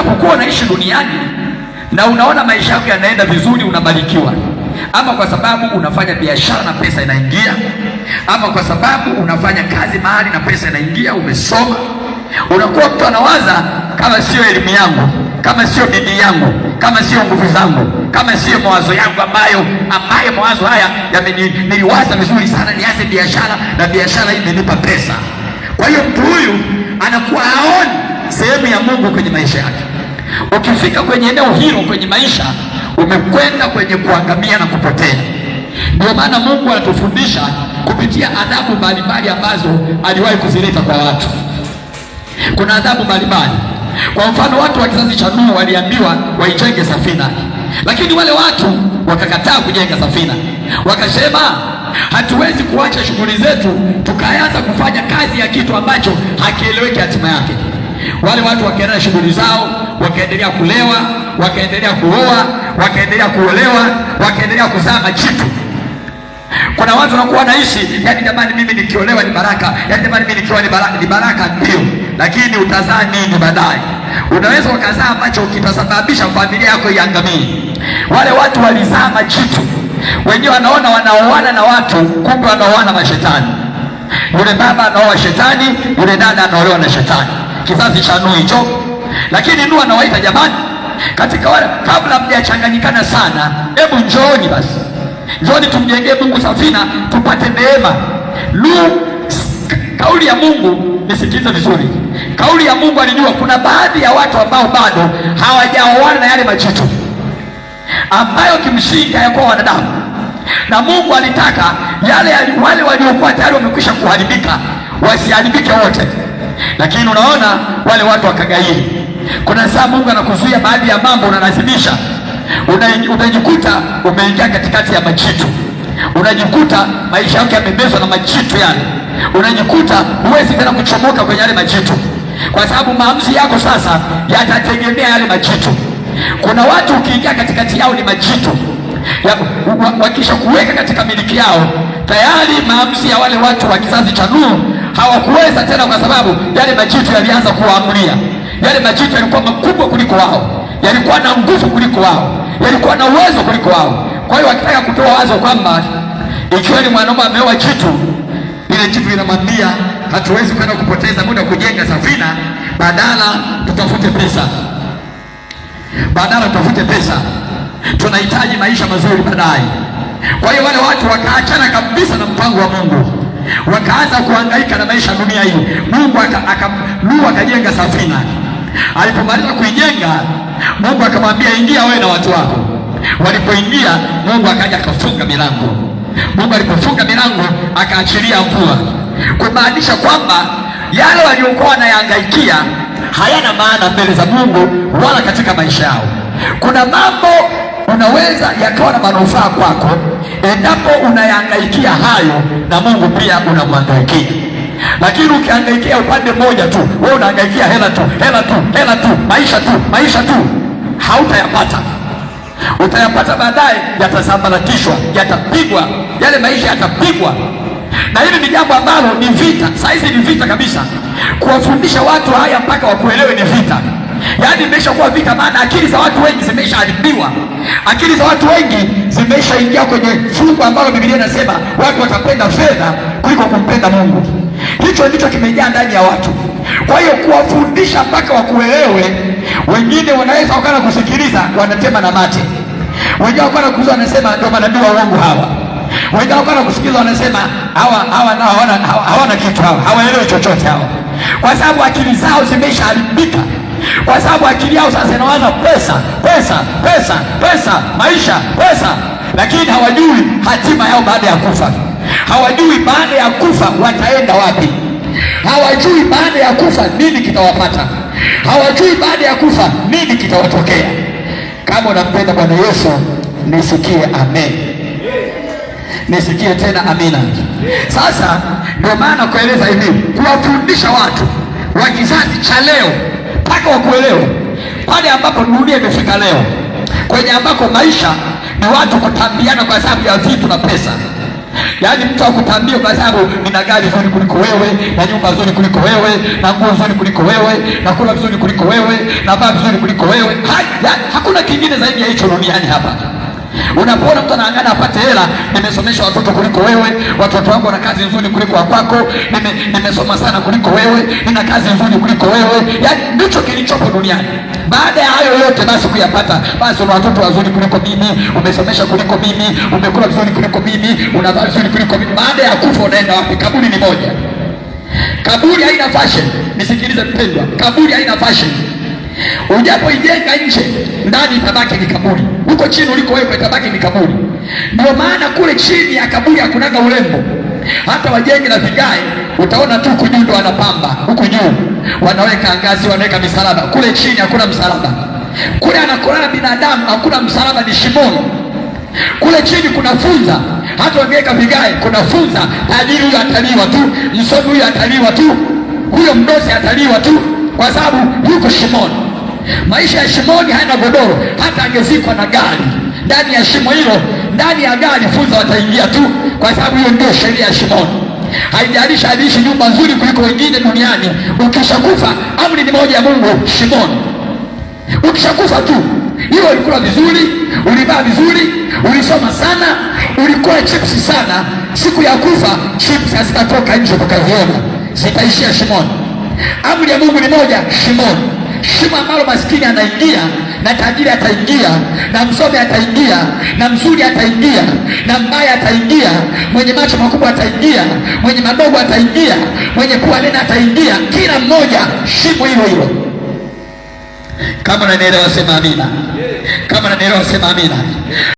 unapokuwa unaishi duniani na unaona maisha yako yanaenda vizuri, unabarikiwa, ama kwa sababu unafanya biashara na pesa inaingia, ama kwa sababu unafanya kazi mahali na pesa inaingia, umesoma, unakuwa mtu anawaza, kama sio elimu yangu, kama sio bidii yangu, kama sio nguvu zangu, kama sio mawazo yangu ambayo ambayo mawazo haya yameniwaza vizuri sana, nianze biashara na biashara hii imenipa pesa. Kwa hiyo mtu huyu anakuwa haoni sehemu ya Mungu kwenye maisha yake. Ukifika kwenye eneo hilo kwenye maisha, umekwenda kwenye kuangamia na kupotea. Ndio maana Mungu anatufundisha kupitia adhabu mbalimbali ambazo aliwahi kuzileta kwa watu. Kuna adhabu mbalimbali. Kwa mfano, watu wa kizazi cha Nuhu waliambiwa waijenge safina, lakini wale watu wakakataa kujenga safina, wakasema hatuwezi kuacha shughuli zetu tukaanza kufanya kazi ya kitu ambacho hakieleweki hatima yake. Wale watu wakaendelea shughuli zao, wakaendelea kulewa, wakaendelea kuoa, wakaendelea kuolewa, wakaendelea kuzaa majitu. Kuna watu wanakuwa naishi, yaani jamani, mimi nikiolewa ni baraka, yaani jamani, mimi nikiwa ni baraka. Ni baraka ndio, lakini utazaa nini baadaye? Unaweza ukazaa ambacho kitasababisha familia yako iangamie. Wale watu walizaa majitu, wenyewe wanaona wanaoana na watu, kumbe wanaoana mashetani. Yule baba anaoa shetani, yule dada anaolewa na shetani kizazi cha Nuhu hicho. Lakini Nuhu anawaita jamani, katika wale kabla mjachanganyikana sana, hebu njooni basi, njooni tumjengee Mungu safina tupate neema. Nuhu, kauli ya Mungu, nisikilize vizuri, kauli ya Mungu alijua kuna baadhi ya watu ambao bado hawajaoana na yale majitu ambayo kimsingi hayakuwa wanadamu, na Mungu alitaka yale wale waliokuwa tayari wamekwisha kuharibika wasiharibike wote. Lakini unaona wale watu wakagairi. Kuna saa Mungu anakuzuia baadhi ya mambo, unalazimisha, unajikuta umeingia katikati ya majitu, unajikuta maisha yako yamebezwa na majitu yale, unajikuta huwezi tena kuchomoka kwenye yale majitu, kwa sababu maamuzi yako sasa yatategemea yale majitu. Kuna watu ukiingia katikati yao ni majitu wakisha kuweka katika miliki yao, tayari maamuzi ya wale watu wa kizazi cha Nuhu hawakuweza tena, kwa sababu yale majitu yalianza kuwaamulia Yale majitu yalikuwa makubwa kuliko wao, yalikuwa na nguvu kuliko wao, yalikuwa na uwezo kuliko wao. Kwa hiyo wakitaka kutoa wazo kwamba ikiwa ni mwanaume ameoa jitu, ile jitu linamwambia hatuwezi kwenda kupoteza muda kujenga safina, badala tutafute pesa, badala tutafute pesa, tunahitaji maisha mazuri baadaye. Kwa hiyo wale watu wakaachana kabisa na mpango wa Mungu wakaanza kuhangaika na maisha dunia hii. Mungu Nuhu akajenga safina, alipomaliza kuijenga Mungu akamwambia ingia wewe na watu wako. Walipoingia Mungu akaja akafunga milango. Mungu alipofunga milango akaachilia mvua, kumaanisha kwamba yale waliokuwa wanayahangaikia hayana maana mbele za Mungu wala katika maisha yao. Kuna mambo unaweza yakawa na manufaa kwako endapo unayahangaikia hayo, na Mungu pia unamhangaikia. Lakini ukihangaikia upande mmoja tu, wewe unahangaikia hela tu, hela tu, hela tu, maisha tu, maisha tu, hautayapata. Utayapata baadaye, yatasambaratishwa, yatapigwa, yale maisha yatapigwa na hili ni jambo ambalo ni vita. Saa hizi ni vita kabisa, kuwafundisha watu haya mpaka wakuelewe ni vita yaani imeshakuwa vita, maana akili za watu wengi zimeshaharibiwa, akili za watu wengi zimeshaingia kwenye fungu ambalo Biblia inasema watu watapenda fedha kuliko kumpenda Mungu. Hicho ndicho kimejaa ndani ya watu. Kwa hiyo kuwafundisha mpaka wakuelewe, wengine wanaweza wakana kusikiliza, wanatema na mate, wengine wakana kuuza, wanasema ndio manabii wa Mungu hawa, wengine wakana kusikiliza, wanasema hawa hawana hawana kitu, hawa hawaelewi chochote hawa, kwa sababu akili zao zimeshaharibika kwa sababu akili yao sasa inawaza pesa, pesa, pesa, pesa, maisha, pesa, lakini hawajui hatima yao baada ya kufa. Hawajui baada ya kufa wataenda wapi. Hawajui baada ya kufa nini kitawapata. Hawajui baada ya kufa nini kitawatokea. Kama unampenda Bwana Yesu, nisikie amen, nisikie tena amina. Sasa ndio maana kueleza hivi, kuwafundisha watu wa kizazi cha leo mpaka wakuelewe pale ambapo dunia imefika leo, kwenye ambako maisha ni watu kutambiana kwa sababu ya vitu na pesa. Yaani mtu akutambie kwa sababu nina gari zuri kuliko wewe, na nyumba nzuri kuliko wewe, na nguo nzuri kuliko wewe, na kula vizuri kuliko wewe, na vaa vizuri kuliko wewe. ya, hakuna kingine zaidi ya hicho duniani hapa. Unapoona mtu anaangana apate hela, nimesomesha watoto kuliko wewe, watoto wangu wana kazi nzuri kuliko wako, nime, nimesoma sana kuliko wewe, nina kazi nzuri kuliko wewe. Yaani ndicho kilichopo duniani. Baada ya hayo yote basi kuyapata, basi una watoto wazuri kuliko mimi, umesomesha kuliko mimi, umekula vizuri kuliko mimi, unavaa vizuri kuliko mimi. Baada ya kufa unaenda wapi? Kaburi ni moja. Kaburi haina fashion. Nisikilize mpendwa, kaburi haina fashion. Ujapoijenga nje, ndani itabaki ni kaburi huko chini wewe itabaki ni kaburi. Ndio maana kule chini ya kaburi hakunaga urembo, hata wajenge na vigae utaona tu huku juu ndo wanapamba, huku juu wanaweka ngazi, wanaweka misalaba. Kule chini hakuna msalaba, kule anakolala binadamu hakuna msalaba, ni shimono. Kule chini kuna funza, hata wangeweka vigae kuna funza. Tajiri huyo ataliwa tu, msomi huyo ataliwa tu, huyo mdosi ataliwa tu, kwa sababu yuko shimoni. Maisha ya shimoni hayana godoro, hata angezikwa na gari ndani ya shimo hilo, ndani ya gari funza wataingia tu, kwa sababu hiyo ndio sheria ya shimoni. Haijalishi aliishi nyumba nzuri kuliko wengine duniani, ukishakufa amri ni moja ya Mungu, shimoni. Ukishakufa tu hiyo, ulikula vizuri, ulivaa vizuri, ulisoma sana, ulikula chips sana, siku ya kufa chips hazitatoka nje ukaziona, zitaishia shimoni. Amri ya Mungu ni moja, shimoni shimo ambalo maskini anaingia na tajiri ataingia na msomi ataingia na mzuri ataingia na mbaya ataingia, mwenye macho makubwa ataingia, mwenye madogo ataingia, mwenye pua nene ataingia, kila mmoja shimo hilo hilo. Kama unanielewa sema amina, kama nanielewa sema amina.